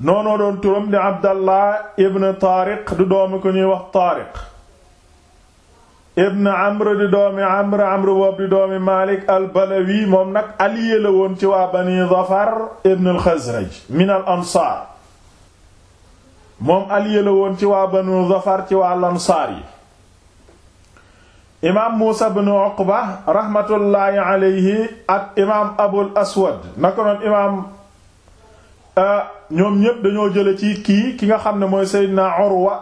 noonoo doon turam di abdallah ibn taariq di doomi ko ñuy wax taariq ibn amr di doomi amr amr boobu di doomi malik al balawi moom nag allié la woon ci waa bani zafar ibn al min al moom allié la woon ci waa banu zafar ci waa al yi imaam Muusa ibn Uqba raxmatullaahi alayhi ak imaam Abul Aswad naka noon imaam Euh, ñoom ñépp dañoo jële ci kii ki nga xam ne mooy Seydina Urwa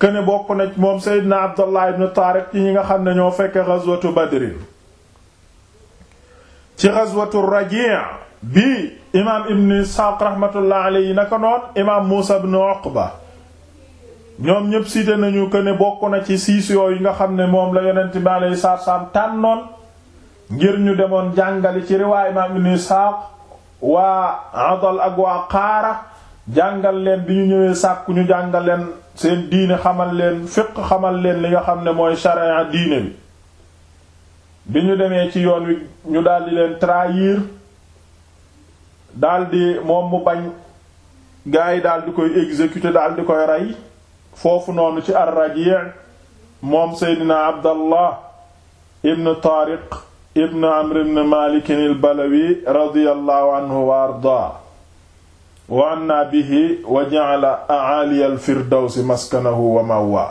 kene bokk na moom Seydina Abdallah ibn Tariq ci ñi nga xam ne ñoo fekke ghazwatu Badr ci ghazwatu Raji' bi imaam Ibn Isxaaq rahmatullah alayhi naka noon imaam Muusa ibn Uqba ñoom ñépp cité nañu kene bokk na ci siis yi nga xam ne moom la yonent bi alayhi salaam tànnoon ngir ñu demoon jàngali ci riwaay imaam Ibn Isxaaq waa adal ak waa qaara jàngal leen bi ñu ñëwee sàkku ñu jàngal leen seen diine xamal leen fiq xamal leen li nga xam ne mooy sharia diine bi ñu demee ci yoon wi ñu daldi leen trahir daldi moom mu bañ gars yi daldi koy exécuter daldi koy rey foofu noonu ci ar-Raji' moom Seydina Abdallah ibn Tariq ibn amr ibn malik al-balawi radiyallahu anhu wa ardaa wa anna bihi wa ja'ala a'ali al-firdawsi maskanahu wa mawwa